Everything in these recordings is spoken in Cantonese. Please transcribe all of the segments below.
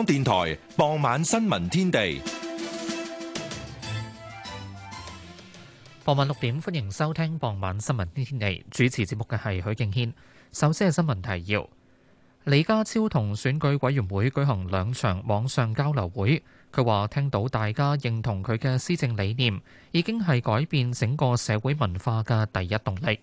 港電台傍晚新聞天地，傍晚六點歡迎收聽傍晚新聞天地。主持節目嘅係許敬軒。首先係新聞提要：李家超同選舉委員會舉行兩場網上交流會，佢話聽到大家認同佢嘅施政理念，已經係改變整個社會文化嘅第一動力。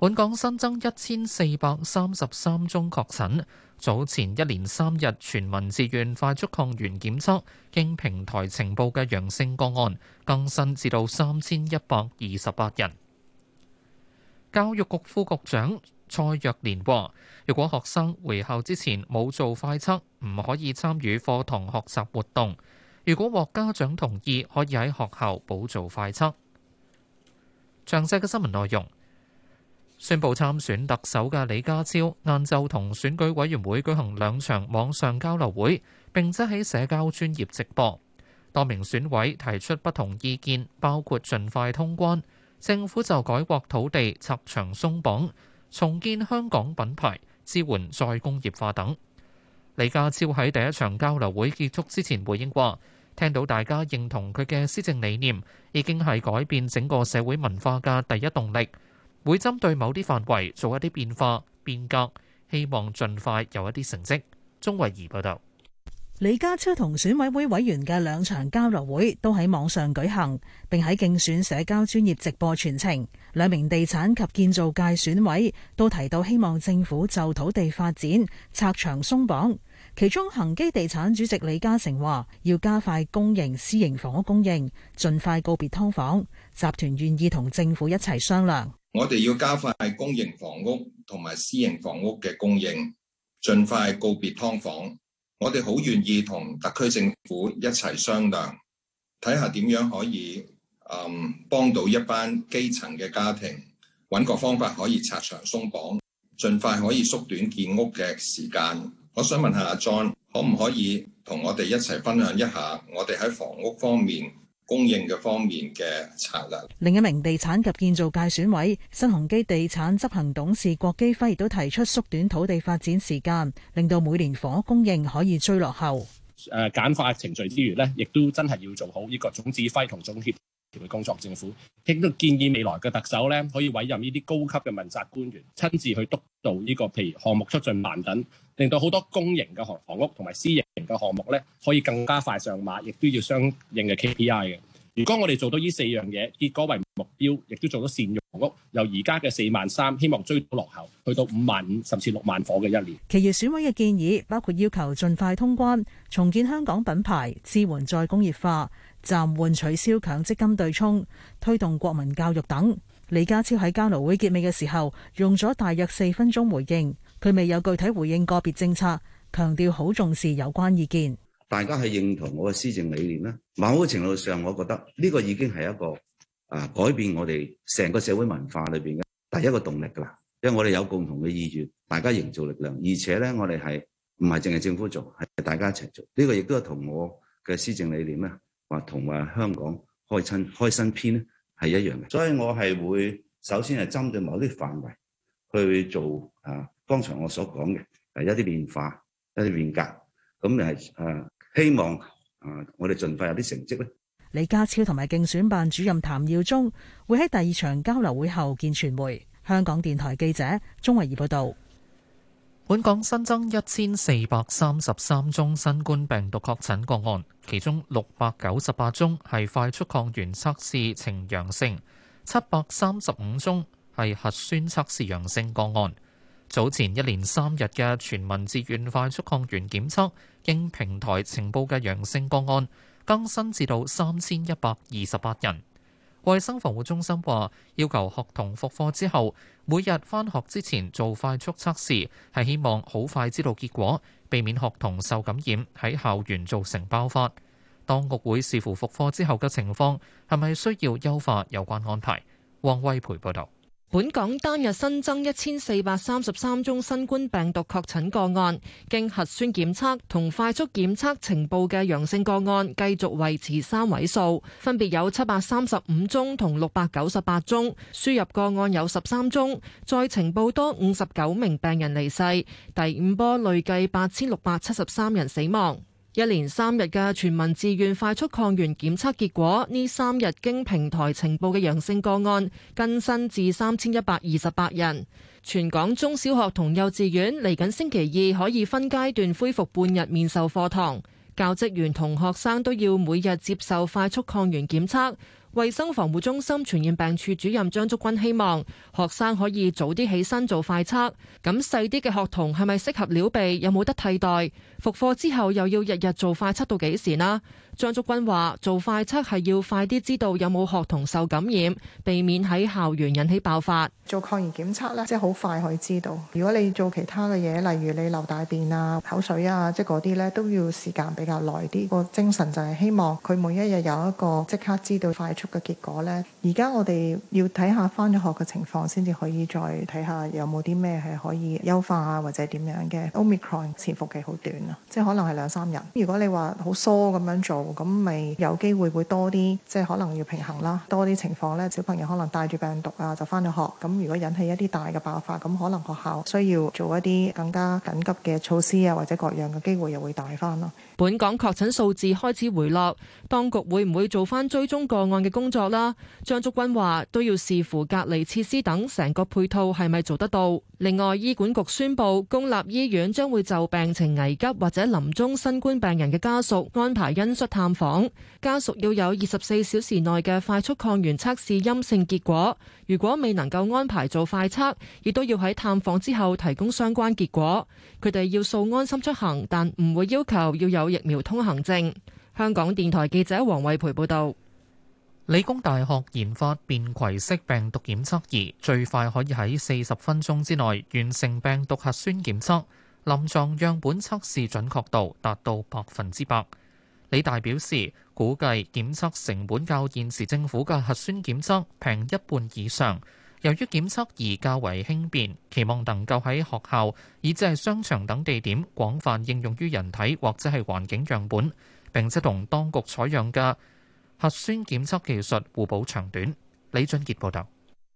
本港新增一千四百三十三宗確診，早前一連三日全民自願快速抗原檢測經平台呈報嘅陽性個案更新至到三千一百二十八人。教育局副局長蔡若蓮話，如果學生回校之前冇做快測唔可以參與課堂學習活動，如果獲家長同意，可以喺學校補做快測。詳細嘅新聞內容。宣布參選特首嘅李家超晏晝同選舉委員會舉行兩場網上交流會，並且喺社交專業直播。多名選委提出不同意見，包括盡快通關，政府就改劃土地、拆牆鬆綁、重建香港品牌、支援再工業化等。李家超喺第一場交流會結束之前回應話：聽到大家認同佢嘅施政理念，已經係改變整個社會文化嘅第一動力。會針對某啲範圍做一啲變化變革，希望盡快有一啲成績。鍾慧儀報道，李家超同選委會委員嘅兩場交流會都喺網上舉行，並喺競選社交專業直播全程。兩名地產及建造界選委都提到，希望政府就土地發展拆牆鬆綁。其中恒基地產主席李家誠話，要加快公營私營房屋供應，盡快告別劏房。集團願意同政府一齊商量。我哋要加快公營房屋同埋私營房屋嘅供應，盡快告別劏房。我哋好願意同特區政府一齊商量，睇下點樣可以，嗯，幫到一班基層嘅家庭，揾個方法可以拆牆鬆綁，盡快可以縮短建屋嘅時間。我想問下阿 John，可唔可以同我哋一齊分享一下我哋喺房屋方面？供應嘅方面嘅壓力。另一名地產及建造界選委新鴻基地產執行董事郭基輝亦都提出縮短土地發展時間，令到每年房屋供應可以追落後。誒，簡化程序之餘咧，亦都真係要做好呢個總指揮同總協工作政府亦都建議未來嘅特首咧，可以委任呢啲高級嘅問責官員親自去督導呢個譬如項目促進辦等，令到好多公營嘅航房屋同埋私營嘅項目咧，可以更加快上馬，亦都要相應嘅 K P I 嘅。如果我哋做到呢四樣嘢，結果為目標，亦都做到善用房屋，由而家嘅四萬三，希望追到落後，去到五萬五，甚至六萬伙嘅一年。其餘選委嘅建議包括要求盡快通關、重建香港品牌、支援再工業化。暫緩取消強積金對沖，推動國民教育等。李家超喺交流會結尾嘅時候，用咗大約四分鐘回應，佢未有具體回應個別政策，強調好重視有關意見。大家係認同我嘅施政理念咧，某個程度上，我覺得呢個已經係一個啊改變我哋成個社會文化裏邊嘅第一個動力㗎喇。因為我哋有共同嘅意願，大家營造力量，而且呢，我哋係唔係淨係政府做，係大家一齊做。呢個亦都係同我嘅施政理念咧。話同話香港開新開新篇咧係一樣嘅，所以我係會首先係針對某啲範圍去做啊。剛才我所講嘅係一啲變化、一啲變革，咁你係誒、啊、希望啊，我哋盡快有啲成績咧。李家超同埋競選辦主任譚耀宗會喺第二場交流會後見傳媒。香港電台記者鍾慧儀報道。本港新增一千四百三十三宗新冠病毒確診個案，其中六百九十八宗係快速抗原測試呈陽性，七百三十五宗係核酸測試陽性個案。早前一連三日嘅全民自願快速抗原檢測，經平台情報嘅陽性個案，更新至到三千一百二十八人。衛生防護中心話，要求學童復課之後，每日返學之前做快速測試，係希望好快知道結果，避免學童受感染喺校園造成爆發。當局會視乎復課之後嘅情況，係咪需要優化有關安排。汪偉培報道。本港單日新增一千四百三十三宗新冠病毒確診個案，經核酸檢測同快速檢測呈報嘅陽性個案繼續維持三位數，分別有七百三十五宗同六百九十八宗。輸入個案有十三宗，再呈報多五十九名病人離世。第五波累計八千六百七十三人死亡。一連三日嘅全民自願快速抗原檢測結果，呢三日經平台呈報嘅陽性個案更新至三千一百二十八人。全港中小學同幼稚園嚟緊星期二可以分階段恢復半日面授課堂，教職員同學生都要每日接受快速抗原檢測。衛生防護中心傳染病處主任張竹君，希望學生可以早啲起身做快測，咁細啲嘅學童係咪適合撩鼻？有冇得替代？復課之後又要日日做快測到幾時呢？張竹君話：做快測係要快啲知道有冇學童受感染，避免喺校園引起爆發。做抗原檢測咧，即係好快可以知道。如果你做其他嘅嘢，例如你流大便啊、口水啊，即係嗰啲咧，都要時間比較耐啲。個精神就係希望佢每一日有一個即刻知道快速嘅結果咧。而家我哋要睇下翻咗學嘅情況，先至可以再睇下有冇啲咩係可以優化啊，或者點樣嘅。Omicron 潛伏期好短啊，即係可能係兩三日。如果你話好疏咁樣做，咁咪有機會會多啲，即係可能要平衡啦。多啲情況咧，小朋友可能帶住病毒啊，就翻到學，咁如果引起一啲大嘅爆發，咁可能學校需要做一啲更加緊急嘅措施啊，或者各樣嘅機會又會大翻咯。本港確診數字開始回落，當局會唔會做翻追蹤個案嘅工作啦？張竹君話都要視乎隔離設施等成個配套係咪做得到。另外，醫管局宣佈公立醫院將會就病情危急或者臨終新冠病人嘅家屬安排恩恤。探訪家屬要有二十四小時內嘅快速抗原測試陰性結果。如果未能夠安排做快測，亦都要喺探訪之後提供相關結果。佢哋要掃安心出行，但唔會要求要有疫苗通行證。香港電台記者黃慧培報道。理工大學研發便攜式病毒檢測儀，最快可以喺四十分鐘之內完成病毒核酸檢測，臨床樣本測試準確度達到百分之百。李大表示，估計檢測成本較現時政府嘅核酸檢測平一半以上。由於檢測儀較為輕便，期望能夠喺學校以至係商場等地點廣泛應用於人體或者係環境樣本，並且同當局採用嘅核酸檢測技術互補長短。李俊杰報道。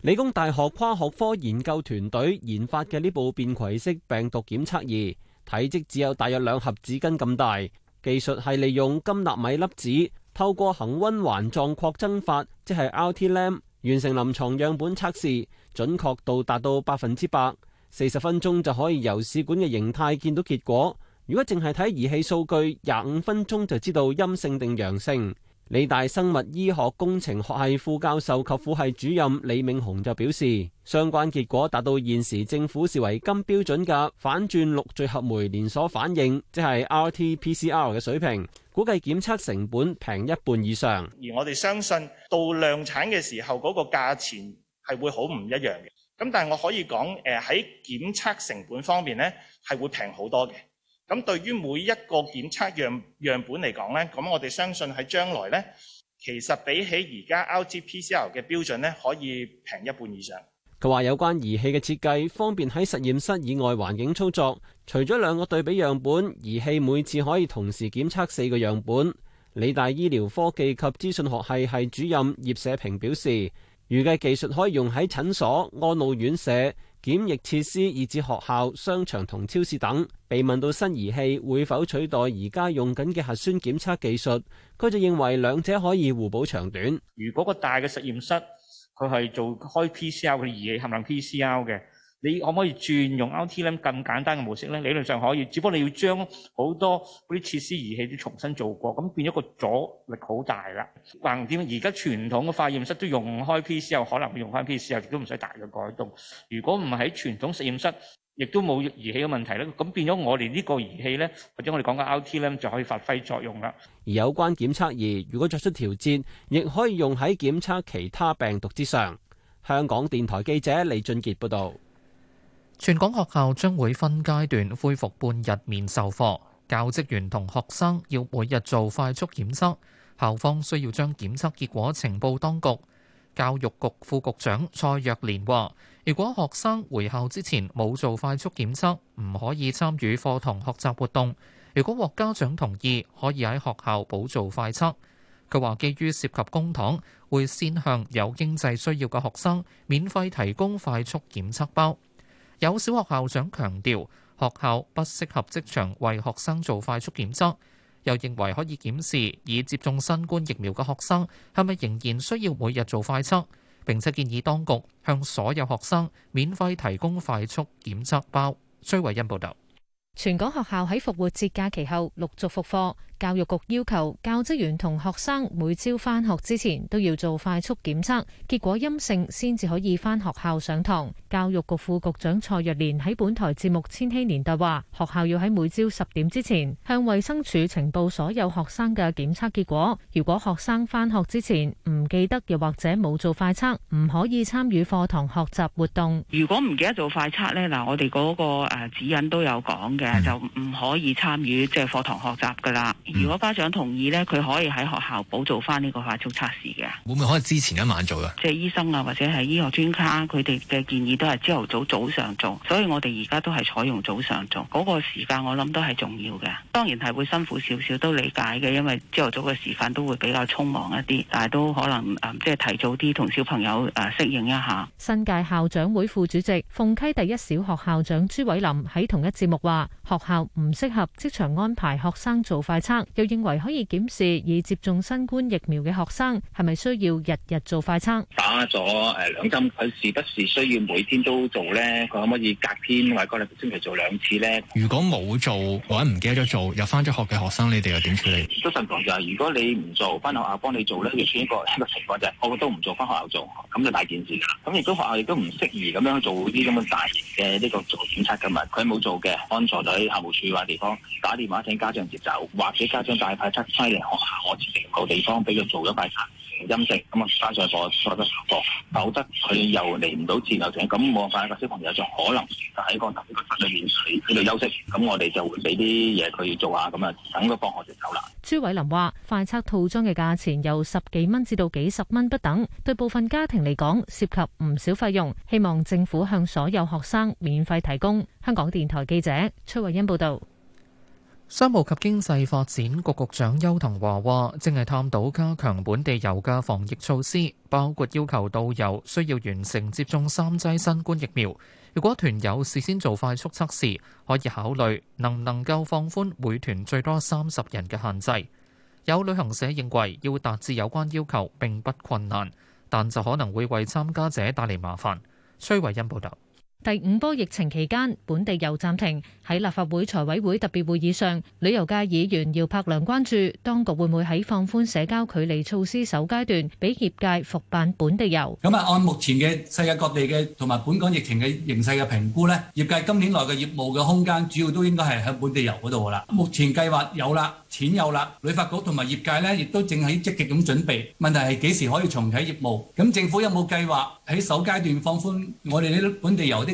理工大學跨學科研究團隊研發嘅呢部便攜式病毒檢測儀，體積只有大約兩盒紙巾咁大。技術係利用金納米粒子透過恒温環狀擴增法，即係 RT-LAMP 完成臨床樣本測試，準確度達到百分之百，四十分鐘就可以由試管嘅形態見到結果。如果淨係睇儀器數據，廿五分鐘就知道陰性定陽性。理大生物醫學工程學系副教授及副系主任李明雄就表示，相關結果達到現時政府視為金標準嘅反轉錄聚合酶連鎖反應，即係 RT-PCR 嘅水平，估計檢測成本平一半以上。而我哋相信到量產嘅時候，嗰個價錢係會好唔一樣嘅。咁但係我可以講，誒喺檢測成本方面咧，係會平好多嘅。咁對於每一個檢測樣樣本嚟講呢，咁我哋相信喺將來呢，其實比起而家 LGPCL 嘅標準呢，可以平一半以上。佢話有關儀器嘅設計，方便喺實驗室以外環境操作。除咗兩個對比樣本，儀器每次可以同時檢測四個樣本。理大醫療科技及資訊學系系主任葉社平表示，預計技術可以用喺診所、安老院舍。檢疫設施以至學校、商場同超市等。被問到新儀器會否取代而家用緊嘅核酸檢測技術，佢就認為兩者可以互補長短。如果個大嘅實驗室，佢係做開 PCR 嘅儀器，冚唪唥 PCR 嘅。你可唔可以轉用 RT-LAMP 咁簡單嘅模式咧，理論上可以，只不過你要將好多嗰啲設施儀器都重新做過，咁變咗個阻力好大啦。橫掂而家傳統嘅化驗室都用開 P.C.R.，可能會用翻 P.C.R.，亦都唔使大嘅改動。如果唔係傳統實驗室，亦都冇儀器嘅問題咧，咁變咗我哋呢個儀器咧，或者我哋講緊 RT-LAMP 就可以發揮作用啦。而有關檢測儀，如果作出調節，亦可以用喺檢測其他病毒之上。香港電台記者李俊傑報導。全港學校將會分階段恢復半日面授課，教職員同學生要每日做快速檢測。校方需要將檢測結果呈報當局。教育局副局長蔡若蓮話，如果學生回校之前冇做快速檢測，唔可以參與課堂學習活動。如果獲家長同意，可以喺學校補做快測。佢話，基於涉及公帑，會先向有經濟需要嘅學生免費提供快速檢測包。有小學校長強調，學校不適合即場為學生做快速檢測，又認為可以檢視已接種新冠疫苗嘅學生係咪仍然需要每日做快測，並且建議當局向所有學生免費提供快速檢測包。崔偉恩報導。全港學校喺復活節假期後陸續復課。教育局要求教職員同學生每朝翻學之前都要做快速檢測，結果陰性先至可以翻學校上堂。教育局副局長蔡若蓮喺本台節目《千禧年代》話：學校要喺每朝十點之前向衛生署呈報所有學生嘅檢測結果。如果學生翻學之前唔記得又或者冇做快測，唔可以參與課堂學習活動。如果唔記得做快測咧，嗱，我哋嗰個誒指引都有講嘅，就唔可以參與即係課堂學習噶啦。如果家長同意呢，佢可以喺學校補做翻呢個快速測試嘅。會唔會可以之前一晚做噶？即係醫生啊，或者係醫學專家、啊，佢哋嘅建議都係朝頭早早上做，所以我哋而家都係採用早上做嗰、那個時間。我諗都係重要嘅，當然係會辛苦少少，都理解嘅，因為朝頭早嘅時份都會比較匆忙一啲，但係都可能即係、呃就是、提早啲同小朋友誒、呃、適應一下。新界校長會副主席鳳溪第一小學校長朱偉林喺同一節目話：學校唔適合即場安排學生做快餐。又認為可以檢視已接種新冠疫苗嘅學生係咪需要日日做快測？打咗誒兩針，佢是不是需要每天都做咧？佢可唔可以隔天或者隔兩星期做兩次咧？如果冇做或者唔記得咗做又翻咗學嘅學生，你哋又點處理？都份同就係如果你唔做，翻學校幫你做咧，出現一個一個情況就係、是、我都唔做，翻學校做咁就大件事啦。咁亦都學校亦都唔適宜咁樣做啲咁嘅大型嘅呢個做檢測噶嘛？佢冇做嘅，安坐咗喺校務處或者地方打電話請家長接走，或俾家長帶快測劑嚟學校，我指定個地方俾佢做咗快測陰性，咁啊翻上課做得合格，否則佢又嚟唔到節內場。咁冇曬個小朋友就可能就喺個特定個測裏面喺度休息。咁我哋就會俾啲嘢佢做下，咁啊等佢放學就走啦。朱偉林話：快測套裝嘅價錢由十幾蚊至到幾十蚊不等，對部分家庭嚟講涉及唔少費用。希望政府向所有學生免費提供。香港電台記者崔慧欣報道。商務及經濟發展局局長邱騰華話：正係探討加強本地遊嘅防疫措施，包括要求導遊需要完成接種三劑新冠疫苗。如果團友事先做快速測試，可以考慮能唔能夠放寬每團最多三十人嘅限制。有旅行社認為要達至有關要求並不困難，但就可能會為參加者帶嚟麻煩。崔惠恩報道。第五波疫情期間，本地遊暫停。喺立法會財委會特別會議上，旅遊界議員姚柏良關注，當局會唔會喺放寬社交距離措施首階段，俾業界復辦本地遊？咁啊，按目前嘅世界各地嘅同埋本港疫情嘅形勢嘅評估咧，業界今年來嘅業務嘅空間主要都應該係喺本地遊嗰度噶啦。目前計劃有啦，錢有啦，旅發局同埋業界咧，亦都正喺積極咁準備，問題係幾時可以重啓業務，咁政府有冇計劃喺首階段放寬我哋呢啲本地遊啲？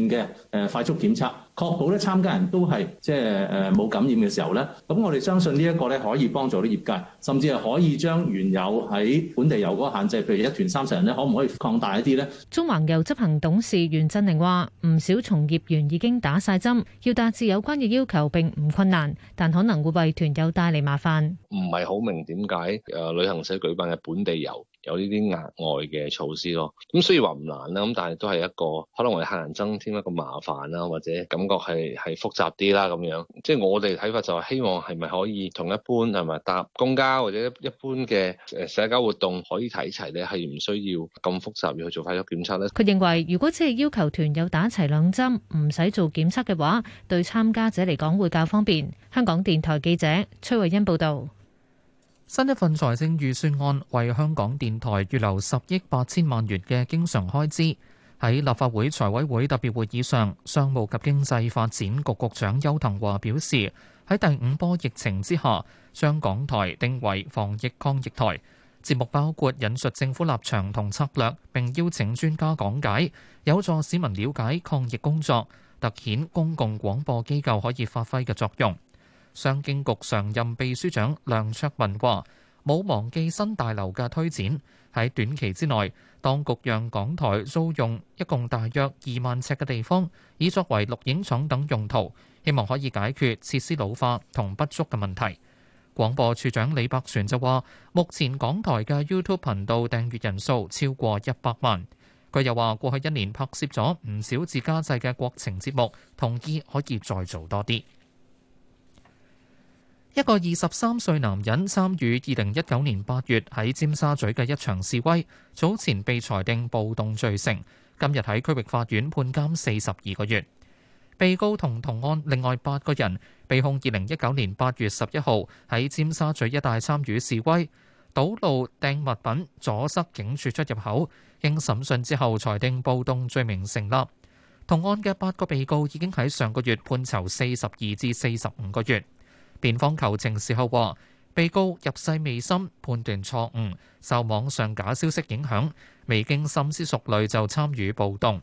嘅誒，快速檢測。確保咧參加人都係即係誒冇感染嘅時候咧，咁我哋相信呢一個咧可以幫助啲業界，甚至係可以將原有喺本地遊嗰個限制，譬如一團三十人咧，可唔可以擴大一啲咧？中環遊執行董事袁振寧話：唔少從業員已經打晒針，要達至有關嘅要求並唔困難，但可能會為團友帶嚟麻煩。唔係好明點解誒旅行社舉辦嘅本地遊有呢啲額外嘅措施咯？咁雖然話唔難啦，咁但係都係一個可能為客人增添一個麻煩啦，或者咁。感覺係係複雜啲啦，咁樣即係我哋睇法就係希望係咪可以同一般係咪搭公交或者一一般嘅社交活動可以睇齊咧，係唔需要咁複雜要去做快速檢測呢？佢認為如果只係要求團友打齊兩針，唔使做檢測嘅話，對參加者嚟講會較方便。香港電台記者崔慧欣報道，新一份財政預算案為香港電台預留十億八千萬元嘅經常開支。喺立法會財委會特別會議上，商務及經濟發展局局長邱騰華表示，喺第五波疫情之下，將港台定為防疫抗疫台，節目包括引述政府立場同策略，並邀請專家講解，有助市民了解抗疫工作，突顯公共廣播機構可以發揮嘅作用。商經局常任秘書長梁卓文話：冇忘記新大樓嘅推展。喺短期之內，當局讓港台租用一共大約二萬尺嘅地方，以作為錄影廠等用途，希望可以解決設施老化同不足嘅問題。廣播處長李百全就話：目前港台嘅 YouTube 頻道訂閱人數超過一百萬。佢又話：過去一年拍攝咗唔少自家製嘅國情節目，同意可以再做多啲。一個二十三歲男人，參與二零一九年八月喺尖沙咀嘅一場示威，早前被裁定暴動罪成。今日喺區域法院判監四十二個月。被告同同案另外八個人被控二零一九年八月十一號喺尖沙咀一帶參與示威、堵路、掟物品、阻塞警署出入口。經審訊之後，裁定暴動罪名成立。同案嘅八個被告已經喺上個月判囚四十二至四十五個月。辯方求情時候話，被告入世未深，判斷錯誤，受網上假消息影響，未經深思熟慮就參與暴動。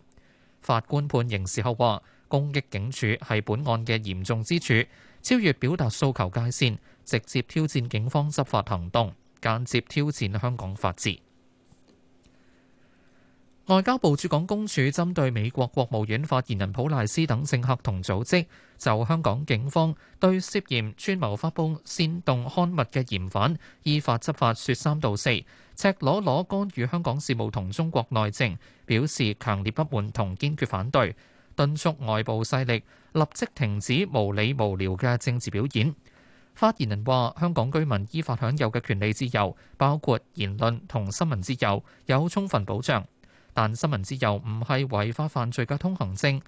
法官判刑時候話，攻擊警署係本案嘅嚴重之處，超越表達訴求界線，直接挑戰警方執法行動，間接挑戰香港法治。外交部駐港公署針對美國國務院發言人普賴斯等政客同組織，就香港警方對涉嫌串謀發佈煽動刊物嘅嫌犯，依法執法說三道四、赤裸裸干預香港事務同中國內政，表示強烈不滿同堅決反對，敦促外部勢力立即停止無理無聊嘅政治表演。發言人話：香港居民依法享有嘅權利自由，包括言論同新聞自由，有充分保障。但新聞自由唔係違法犯罪嘅通行證，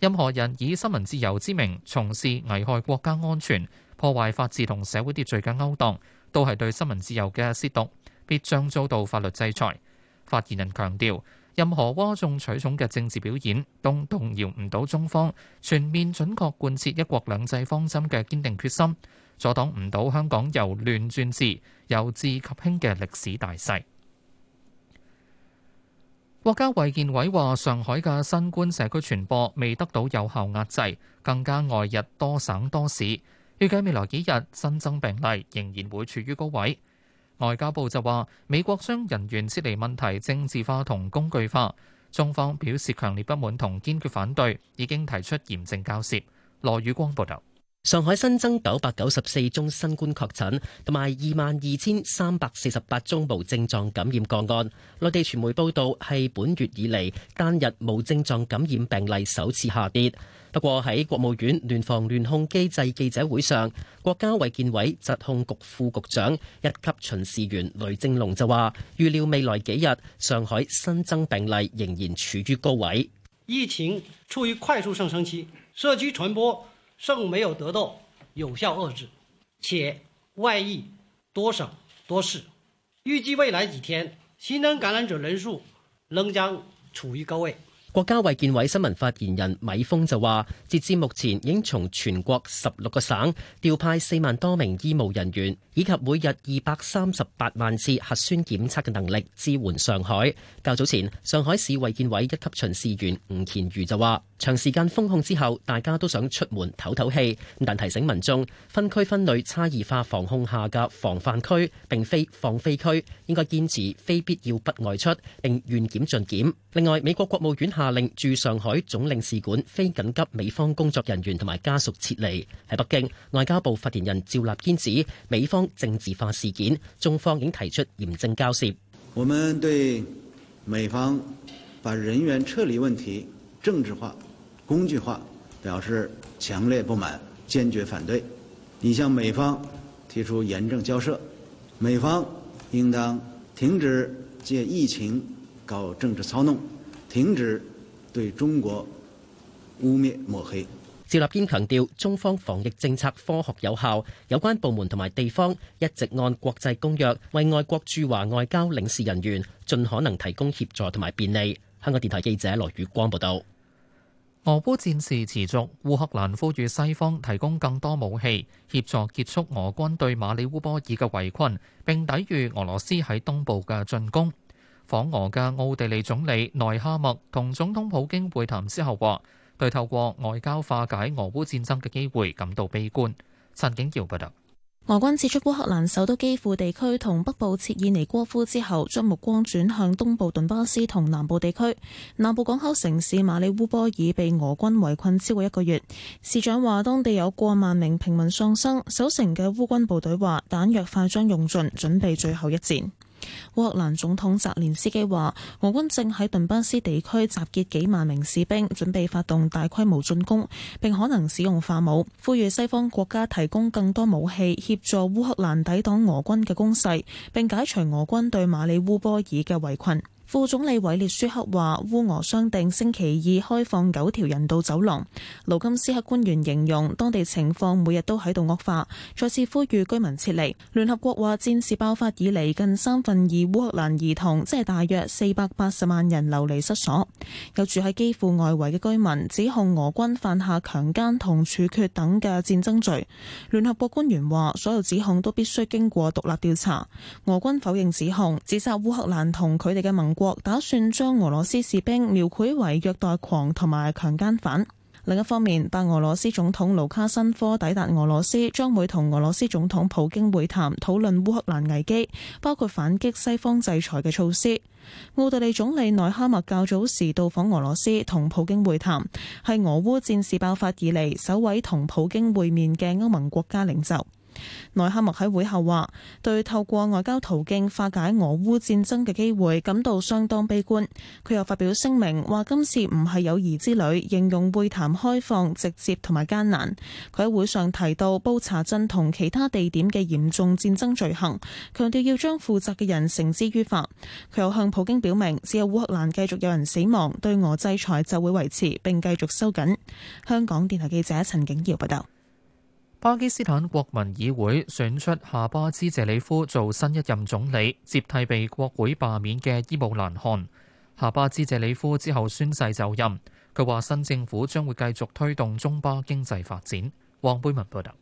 任何人以新聞自由之名從事危害國家安全、破壞法治同社會秩序嘅勾當，都係對新聞自由嘅褻瀆，必將遭到法律制裁。發言人強調，任何嘩眾取寵嘅政治表演，都動搖唔到中方全面準確貫徹一國兩制方針嘅堅定決心，阻擋唔到香港由亂轉治、由治及興嘅歷史大勢。國家衛健委話：上海嘅新冠社區傳播未得到有效壓制，更加外日多省多市。預計未來幾日新增病例仍然會處於高位。外交部就話：美國將人員撤離問題政治化同工具化，中方表示強烈不滿同堅決反對，已經提出嚴正交涉。羅宇光報道。上海新增九百九十四宗新冠確診，同埋二萬二千三百四十八宗無症狀感染個案。內地傳媒報道係本月以嚟單日無症狀感染病例首次下跌。不過喺國務院聯防聯控機制記者會上，國家衛健委疾控局副局長、一級巡視員雷正龍就話，預料未來幾日上海新增病例仍然處於高位。疫情處於快速上升期，社區傳播。正沒有得到有效遏制，且外溢多省多市，預計未來幾天新增感染者人數仍將處於高位。國家衛健委新聞發言人米峰就話，截至目前，已經從全國十六個省調派四萬多名醫務人員。以及每日二百三十八萬次核酸檢測嘅能力支援上海。較早前，上海市衛健委一級巡視員吳乾渝就話：長時間封控之後，大家都想出門透透氣，但提醒民眾，分區分類差異化防控下嘅防範區並非放飛區，應該堅持非必要不外出並願檢盡檢。另外，美國國務院下令駐上海總領事館非緊急美方工作人員同埋家屬撤離。喺北京，外交部發言人趙立堅指，美方政治化事件，中方已經提出嚴正交涉。我們對美方把人員撤離問題政治化、工具化表示強烈不滿，堅決反對。你向美方提出嚴正交涉，美方應當停止借疫情搞政治操弄，停止對中國污衊抹黑。趙立堅強調，中方防疫政策科學有效，有關部門同埋地方一直按國際公約為外國駐華外交領事人員盡可能提供協助同埋便利。香港電台記者羅宇光報道。俄烏戰事持續，烏克蘭呼籲西方提供更多武器協助結束俄軍對馬里烏波爾嘅圍困，並抵禦俄羅斯喺東部嘅進攻。訪俄嘅奧地利總理內哈默同總統普京會談之後話，對透過外交化解俄烏戰爭嘅機會感到悲觀。陳景耀報道，俄軍撤出烏克蘭首都基輔地區同北部切爾尼戈夫之後，將目光轉向東部頓巴斯同南部地區。南部港口城市馬里烏波爾被俄軍圍困超過一個月，市長話當地有過萬名平民喪生。守城嘅烏軍部隊話彈藥快將用盡，準備最後一戰。烏克蘭總統澤連斯基話，俄軍正喺頓巴斯地區集結幾萬名士兵，準備發動大規模進攻，並可能使用化武，呼籲西方國家提供更多武器，協助烏克蘭抵擋俄軍嘅攻勢，並解除俄軍對馬里烏波爾嘅圍困。副總理韋列舒克話，烏俄商定星期二開放九條人道走廊。盧金斯克官員形容當地情況每日都喺度惡化，再次呼籲居民撤離。聯合國話，戰事爆發以嚟近三分二烏克蘭兒童，即係大約四百八十萬人流離失所。有住喺基輔外圍嘅居民指控俄軍犯下強奸同處決等嘅戰爭罪。聯合國官員話，所有指控都必須經過獨立調查。俄軍否認指控，指責烏克蘭同佢哋嘅盟國。打算將俄羅斯士，士兵描繪為虐待狂同埋強姦犯。另一方面，白俄羅斯總統盧卡申科抵達俄羅斯，將會同俄羅斯總統普京會談，討論烏克蘭危機，包括反擊西方制裁嘅措施。奧地利總理內哈默較早時到訪俄羅斯，同普京會談，係俄烏戰事爆發以嚟首位同普京會面嘅歐盟國家領袖。內哈莫喺會後話，對透過外交途徑化解俄烏戰爭嘅機會感到相當悲觀。佢又發表聲明話今次唔係友誼之旅，形容會談開放、直接同埋艱難。佢喺會上提到布查鎮同其他地點嘅嚴重戰爭罪行，強調要將負責嘅人繩之於法。佢又向普京表明，只有烏克蘭繼續有人死亡，對俄制裁就會維持並繼續收緊。香港電台記者陳景瑤報道。巴基斯坦國民議會選出夏巴茲謝里夫做新一任總理，接替被國會罷免嘅伊姆蘭汗。夏巴茲謝里夫之後宣誓就任，佢話新政府將會繼續推動中巴經濟發展。黃貝文報道。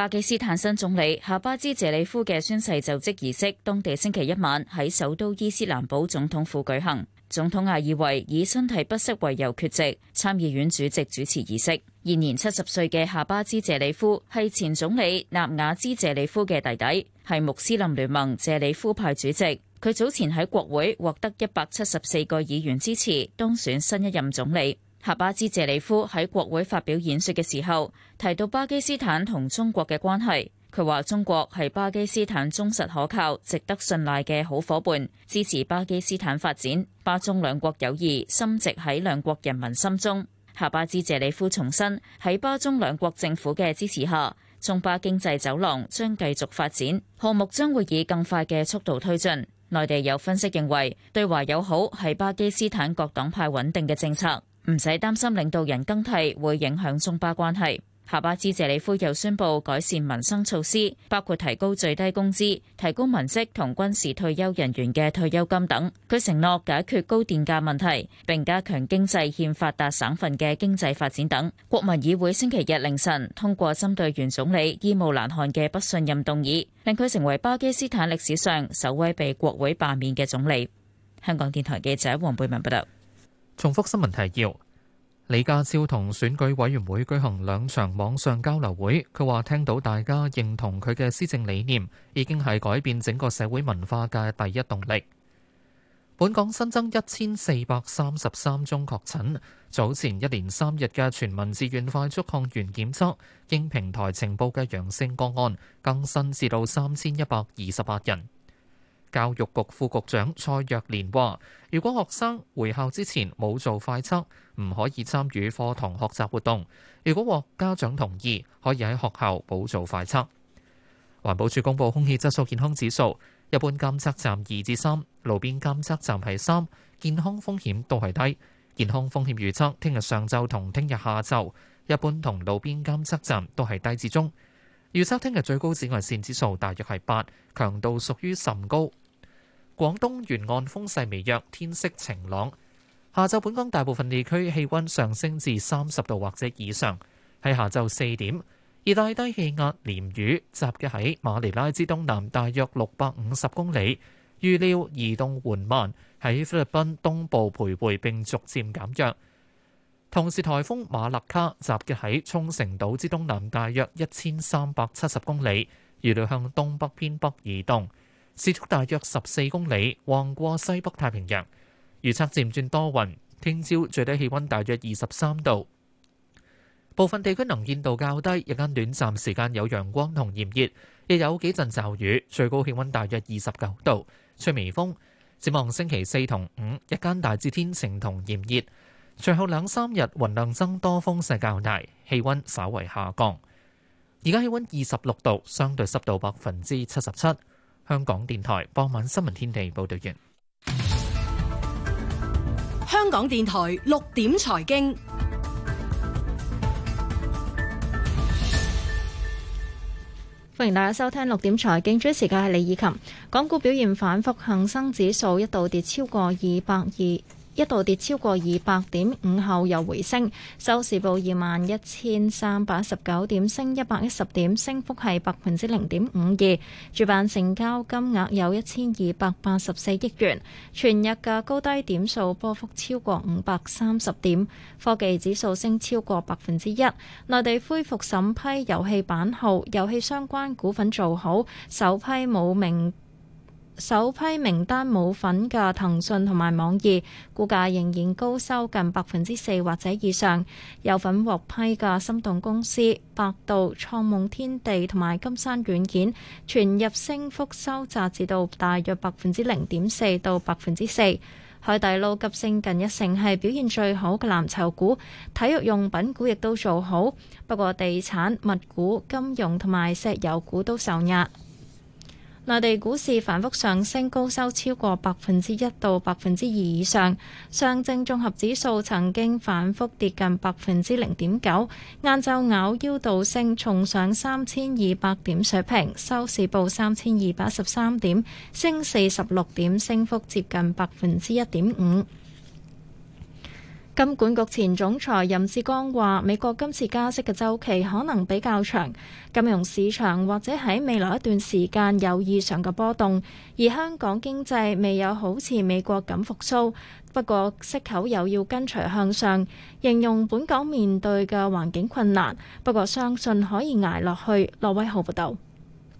巴基斯坦新總理夏巴茲謝里夫嘅宣誓就職儀式，當地星期一晚喺首都伊斯蘭堡總統府舉行。總統阿爾維以身體不適為由缺席，參議院主席主持儀式。現年七十歲嘅夏巴茲謝里夫係前總理納瓦茲謝里夫嘅弟弟，係穆斯林聯盟謝里夫派主席。佢早前喺國會獲得一百七十四個議員支持，當選新一任總理。夏巴茲謝里夫喺國會發表演說嘅時候，提到巴基斯坦同中國嘅關係。佢話中國係巴基斯坦忠實可靠、值得信賴嘅好夥伴，支持巴基斯坦發展巴中兩國友誼，深植喺兩國人民心中。夏巴茲謝里夫重申喺巴中兩國政府嘅支持下，中巴經濟走廊將繼續發展，項目將會以更快嘅速度推進。內地有分析認為，對華友好係巴基斯坦各黨派穩定嘅政策。唔使擔心領導人更替會影響中巴關係。夏巴茲謝里夫又宣布改善民生措施，包括提高最低工資、提高文職同軍事退休人員嘅退休金等。佢承諾解決高電價問題，並加強經濟欠發達省份嘅經濟發展等。國民議會星期日凌晨通過針對原總理伊姆蘭汗嘅不信任動議，令佢成為巴基斯坦歷史上首位被國會罷免嘅總理。香港電台記者黃貝文報道。重複新聞提要：李家超同選舉委員會舉行兩場網上交流會，佢話聽到大家認同佢嘅施政理念，已經係改變整個社會文化嘅第一動力。本港新增一千四百三十三宗確診，早前一連三日嘅全民志願快速抗原檢測經平台呈報嘅陽性個案更新至到三千一百二十八人。教育局副局長蔡若蓮話，如果學生回校之前冇做快測，唔可以參與課堂學習活動。如果獲家長同意，可以喺學校補做快測。環保署公布空氣質素健康指數，一般監測站二至三，路邊監測站係三，健康風險都係低。健康風險預測聽日上晝同聽日下晝，一般同路邊監測站都係低至中。預測聽日最高紫外線指數大約係八，強度屬於甚高。廣東沿岸風勢微弱，天色晴朗。下晝本港大部分地區氣温上升至三十度或者以上。喺下晝四點，熱帶低氣壓鯰魚集結喺馬尼拉之東南，大約六百五十公里，預料移動緩慢，喺菲律賓東部徘徊並逐漸減弱。同時，颱風馬勒卡集結喺沖繩島之東南，大約一千三百七十公里，預料向東北偏北移動，時速大約十四公里，橫過西北太平洋。預測漸轉多雲，聽朝最低氣温大約二十三度，部分地區能見度較低，日間短暫時間有陽光同炎熱，亦有幾陣驟雨，最高氣温大約二十九度，吹微風。展望星期四同五，日間大致天晴同炎熱。最後兩三日雲量增多，風勢較大，氣温稍為下降。而家氣温二十六度，相對濕度百分之七十七。香港電台傍晚新聞天地報導完。香港電台六點財經，歡迎大家收聽六點財經。主持嘅係李以琴。港股表現反覆，恒生指數一度跌超過二百二。一度跌超過二百點，午後又回升，收市報二萬一千三百一十九點，升一百一十點，升幅係百分之零點五二。主板成交金額有一千二百八十四億元，全日嘅高低點數波幅超過五百三十點。科技指數升超過百分之一。內地恢復審批遊戲版號，遊戲相關股份做好。首批冇名。首批名單冇份嘅騰訊同埋網易，股價仍然高收近百分之四或者以上。有份獲批嘅心動公司、百度、創夢天地同埋金山軟件，全入升幅收窄至到大約百分之零點四到百分之四。海底撈急升近一成，係表現最好嘅藍籌股。體育用品股亦都做好，不過地產、物股、金融同埋石油股都受壓。內地股市反覆上升，高收超過百分之一到百分之二以上。上證綜合指數曾經反覆跌近百分之零點九，晏晝咬腰倒升，重上三千二百點水平，收市報三千二百十三點，升四十六點，升幅接近百分之一點五。金管局前總裁任志剛話，美國今次加息嘅周期可能比較長，金融市場或者喺未來一段時間有異常嘅波動，而香港經濟未有好似美國咁復蘇，不過息口又要跟隨向上，形容本港面對嘅環境困難，不過相信可以挨落去。羅威浩報道。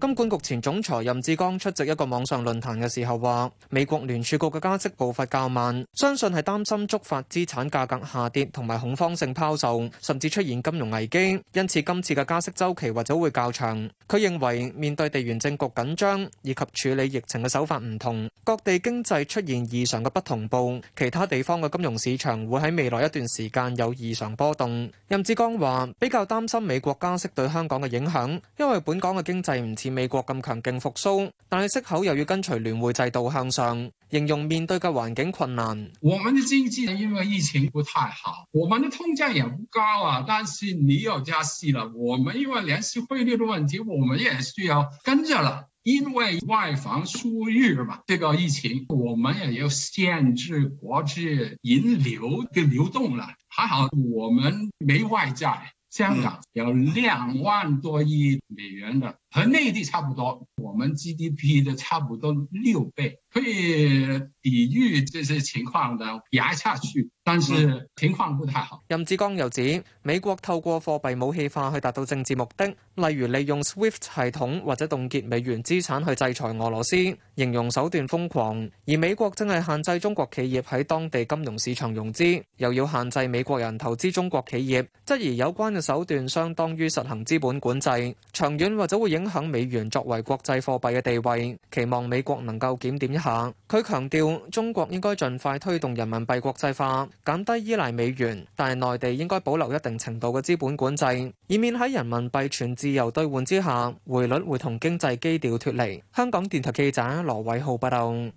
金管局前總裁任志剛出席一個網上論壇嘅時候話，美國聯儲局嘅加息步伐較慢，相信係擔心觸發資產價格下跌同埋恐慌性拋售，甚至出現金融危機，因此今次嘅加息周期或者會較長。佢認為面對地緣政局緊張以及處理疫情嘅手法唔同，各地經濟出現異常嘅不同步，其他地方嘅金融市場會喺未來一段時間有異常波動。任志剛話，比較擔心美國加息對香港嘅影響，因為本港嘅經濟唔似。美國咁強勁復甦，但係息口又要跟隨聯匯制度向上，形容面對嘅環境困難。我們的經濟因為疫情不太好，我們的通脹也不高啊，但是你要加息了，我們因為聯繫匯率的問題，我們也需要跟着啦。因為外防輸入嘛，這個疫情我們也要限制國際引流嘅流動啦。還好我們沒外債，香港有兩萬多億美元的。喺內地差唔多，我們 GDP 都差不多六倍，可以抵禦這些情況的壓下去，但是情況不太好。任志剛又指，美國透過貨幣武器化去達到政治目的，例如利用 SWIFT 系統或者凍結美元資產去制裁俄羅斯，形容手段瘋狂。而美國正係限制中國企業喺當地金融市場融資，又要限制美國人投資中國企業，質疑有關嘅手段相當於實行資本管制，長遠或者會影。影響美元作為國際貨幣嘅地位，期望美國能夠檢點一下。佢強調，中國應該盡快推動人民幣國際化，減低依賴美元，但係內地應該保留一定程度嘅資本管制，以免喺人民幣全自由兌換之下，匯率會同經濟基調脫離。香港電台記者羅偉浩報道。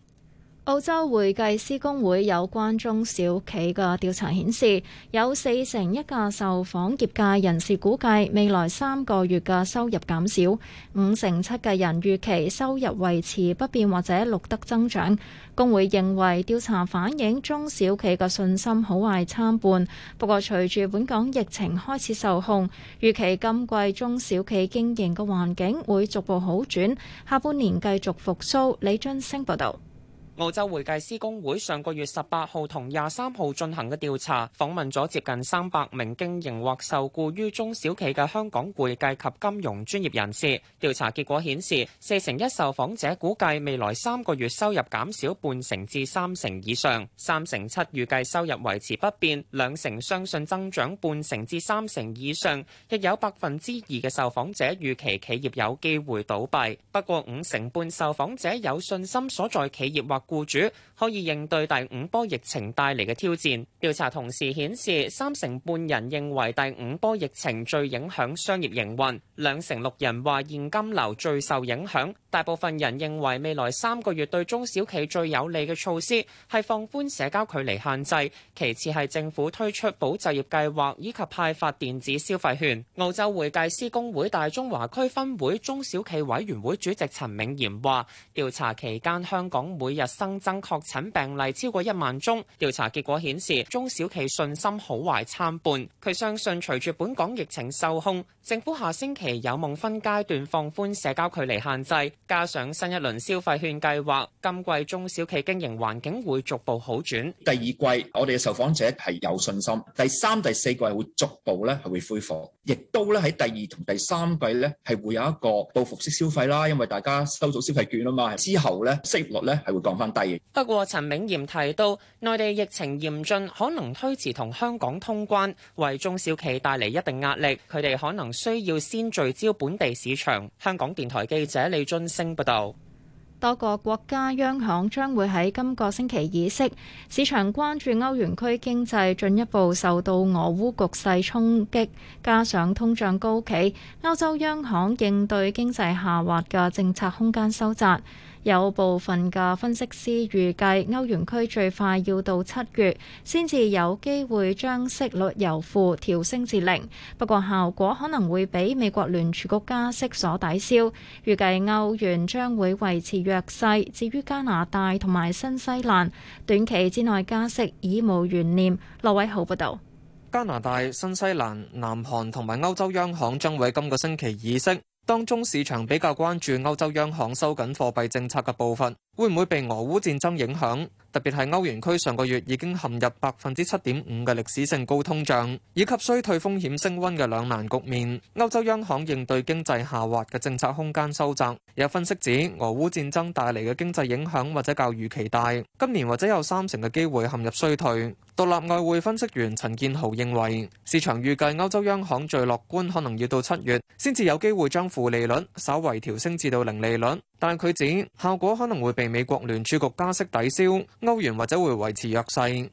澳洲會計師公會有關中小企嘅調查顯示，有四成一嘅受訪業界人士估計未來三個月嘅收入減少，五成七嘅人預期收入維持不變或者錄得增長。公會認為調查反映中小企嘅信心好壞參半。不過，隨住本港疫情開始受控，預期今季中小企經營嘅環境會逐步好轉，下半年繼續復甦。李津升報道。澳洲會計師公會上個月十八號同廿三號進行嘅調查，訪問咗接近三百名經營或受雇於中小企嘅香港會計及金融專業人士。調查結果顯示，四成一受訪者估計未來三個月收入減少半成至三成以上，三成七預計收入維持不變，兩成相信增長半成至三成以上，亦有百分之二嘅受訪者預期企業有機會倒閉。不過，五成半受訪者有信心所在企業或僱主可以應對第五波疫情帶嚟嘅挑戰。調查同時顯示，三成半人認為第五波疫情最影響商業營運，兩成六人話現金流最受影響。大部分人認為未來三個月對中小企最有利嘅措施係放寬社交距離限制，其次係政府推出保就業計劃，以及派發電子消費券。澳洲會計師公會大中華區分會中小企委員會主席陳銘賢話，調查期間香港每日新增確診病例超過一萬宗，調查結果顯示中小企信心好壞參半。佢相信隨住本港疫情受控，政府下星期有望分階段放寬社交距離限制，加上新一輪消費券計劃，今季中小企經營環境會逐步好轉。第二季我哋嘅受訪者係有信心，第三、第四季會逐步咧係會恢復，亦都咧喺第二同第三季咧係會有一個報復式消費啦，因為大家收咗消費券啊嘛。之後咧息率咧係會降翻。不過，陳炳炎提到，內地疫情嚴峻，可能推遲同香港通關，為中小企帶嚟一定壓力。佢哋可能需要先聚焦本地市場。香港電台記者李津升報導。多個國家央行將會喺今個星期議息，市場關注歐元區經濟進一步受到俄烏局勢衝擊，加上通脹高企，歐洲央行應對經濟下滑嘅政策空間收窄。有部分嘅分析師預計歐元區最快要到七月先至有機會將息率由負調升至零，不過效果可能會俾美國聯儲局加息所抵消。預計歐元將會維持弱勢，至於加拿大同埋新西蘭，短期之內加息已無懸念。羅偉豪報道。加拿大、新西蘭、南韓同埋歐洲央行將會今個星期議息。當中市場比較關注歐洲央行收緊貨幣政策嘅部分。會唔會被俄烏戰爭影響？特別係歐元區上個月已經陷入百分之七點五嘅歷史性高通脹，以及衰退風險升温嘅兩難局面。歐洲央行應對經濟下滑嘅政策空間收窄。有分析指，俄烏戰爭帶嚟嘅經濟影響或者較預期大，今年或者有三成嘅機會陷入衰退。獨立外匯分析員陳建豪認為，市場預計歐洲央行最樂觀可能要到七月，先至有機會將負利率稍為調升至到零利率。但佢指效果可能會被美國聯儲局加息抵消，歐元或者會維持弱勢。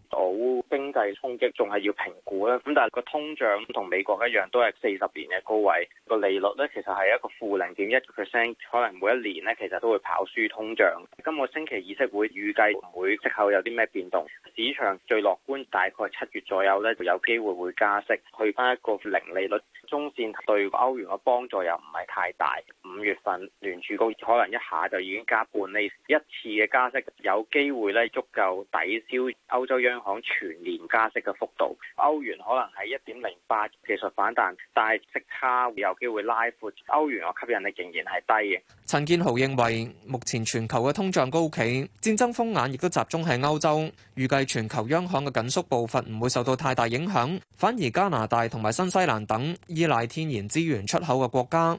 計衝擊仲係要評估啦。咁但係個通脹同美國一樣都係四十年嘅高位，個利率咧其實係一個負零點一個 percent，可能每一年咧其實都會跑輸通脹。今個星期議息會預計唔會息口有啲咩變動？市場最樂觀大概七月左右咧就有機會會加息，去翻一個零利率，中線對歐元嘅幫助又唔係太大。五月份聯儲局可能一下就已經加半厘，一次嘅加息有機會咧足夠抵消歐洲央行全年。加息嘅幅度，歐元可能係一點零八技術反彈，但係息差會有機會拉闊歐元啊，吸引力仍然係低嘅。陳建豪認為，目前全球嘅通脹高企，戰爭風眼亦都集中喺歐洲，預計全球央行嘅緊縮步伐唔會受到太大影響，反而加拿大同埋新西蘭等依賴天然資源出口嘅國家。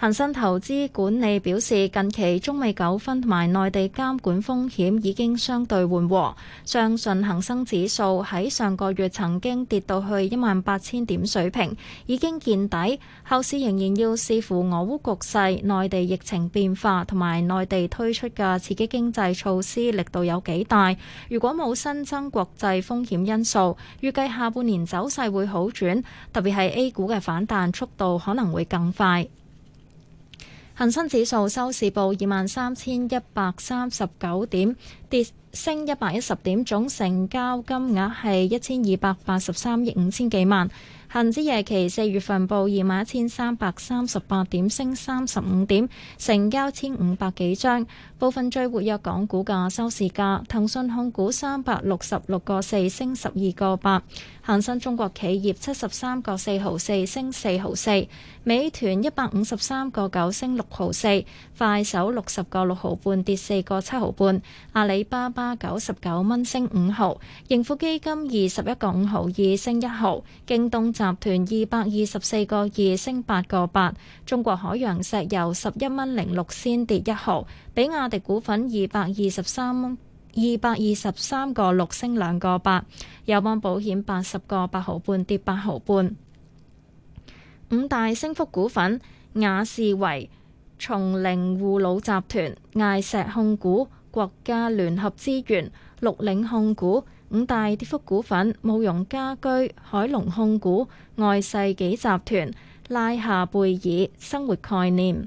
恒生投資管理表示，近期中美糾紛同埋內地監管風險已經相對緩和。相信恒生指數喺上個月曾經跌到去一萬八千點水平，已經見底。後市仍然要視乎俄烏局勢、內地疫情變化同埋內地推出嘅刺激經濟措施力度有幾大。如果冇新增國際風險因素，預計下半年走勢會好轉，特別係 A 股嘅反彈速度可能會更快。恒生指數收市報二萬三千一百三十九點，跌升一百一十點，總成交金額係一千二百八十三億五千幾萬。恆指夜期四月份報二萬一千三百三十八點，升三十五點，成交千五百幾張。部分最活躍港股價收市價，騰訊控股三百六十六個四，升十二個八。恒生中國企業七十三個四毫四升四毫四，美團一百五十三個九升六毫四，快手六十個六毫半跌四個七毫半，阿里巴巴九十九蚊升五毫，盈富基金二十一個五毫二升一毫，京東集團二百二十四個二升八個八，中國海洋石油十一蚊零六先跌一毫，比亞迪股份二百二十三蚊。二百二十三個六升兩個八，友邦保險八十個八毫半跌八毫半。五大升幅股份：亞視維、松陵護老集團、艾石控股、國家聯合資源、綠嶺控股。五大跌幅股份：慕容家居、海龍控股、外世紀集團、拉夏貝爾、生活概念。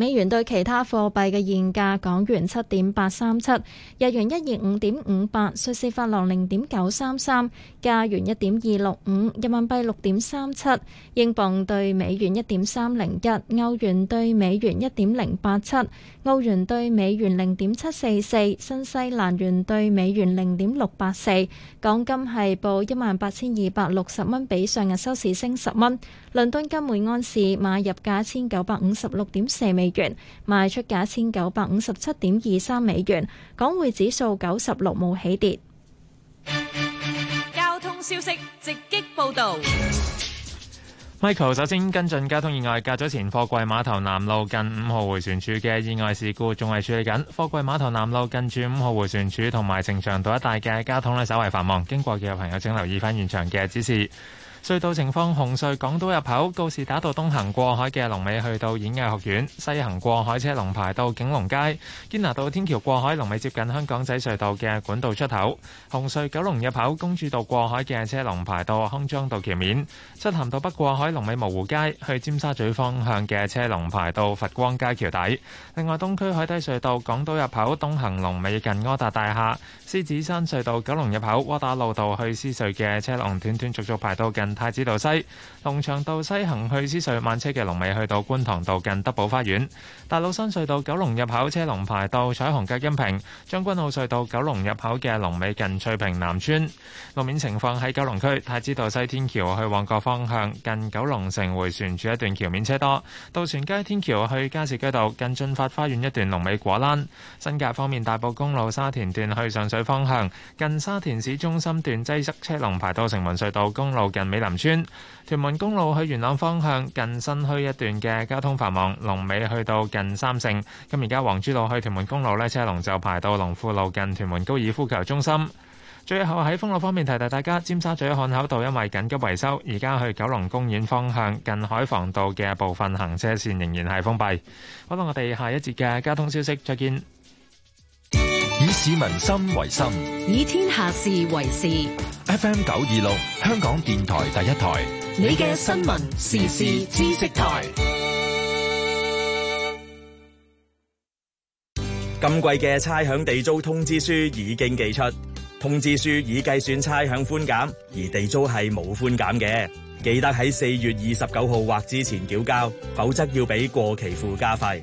美元對其他貨幣嘅現價：港元七點八三七，日元一二五點五八，瑞士法郎零點九三三，加元一點二六五，人民幣六點三七，英鎊對美元一點三零一，歐元對美元一點零八七，澳元對美元零點七四四，新西蘭元對美元零點六八四。港金係報一萬八千二百六十蚊，比上日收市升十蚊。倫敦金每安士買入價一千九百五十六點四美元賣出價一千九百五十七點二三美元，港匯指數九十六，冇起跌。交通消息直擊報道，Michael 首先跟進交通意外，較早前貨櫃碼頭南路近五號回旋處嘅意外事故，仲係處理緊。貨櫃碼頭南路近住五號回旋處同埋呈祥道一帶嘅交通呢稍為繁忙。經過嘅朋友，請留意翻現場嘅指示。隧道情況：紅隧港島入口告士打道東行過海嘅龍尾去到演藝學院；西行過海車龍排到景隆街；堅拿道天橋過海龍尾接近香港仔隧道嘅管道出口；紅隧九龍入口公主道過海嘅車龍排到康莊道橋面；漆咸道北過海龍尾蕪湖街去尖沙咀方向嘅車龍排到佛光街橋底。另外，東區海底隧道港島入口東行龍尾近柯達大廈。獅子山隧道九龍入口，窩打老道去獅隧嘅車龍斷斷續續排到近太子道西，龍翔道西行去獅隧慢車嘅龍尾去到觀塘道近德寶花園，大老山隧道九龍入口車龍排到彩虹隔音屏，將軍澳隧道九龍入口嘅龍尾近翠屏南村。路面情況喺九龍區太子道西天橋去旺角方向近九龍城迴旋處一段橋面車多，渡船街天橋去加士居道近駿發花園一段龍尾果欄；新界方面大埔公路沙田段去上水方向近沙田市中心段擠塞，車龍排到城門隧道公路近美林邨。屯門公路去元朗方向近新墟一段嘅交通繁忙，龍尾去到近三聖。咁而家黃珠路去屯門公路咧，車龍就排到龍富路近屯門高爾夫球中心。最後喺封路方面提提大家，尖沙咀漢口道因為緊急維修，而家去九龍公園方向近海防道嘅部分行車線仍然係封閉。好啦，我哋下一節嘅交通消息，再見。以市民心為心，以天下事為事。FM 九二六，香港電台第一台。你嘅新聞、時事、知識台。今季嘅差餉地租通知書已經寄出，通知書已計算差餉寬減，而地租係冇寬減嘅。記得喺四月二十九號或之前繳交，否則要俾過期附加費。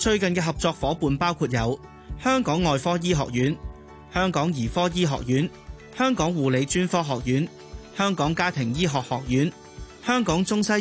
最近嘅合作伙伴包括有香港外科醫學院、香港兒科醫學院、香港護理專科學院、香港家庭醫學學院、香港中西醫。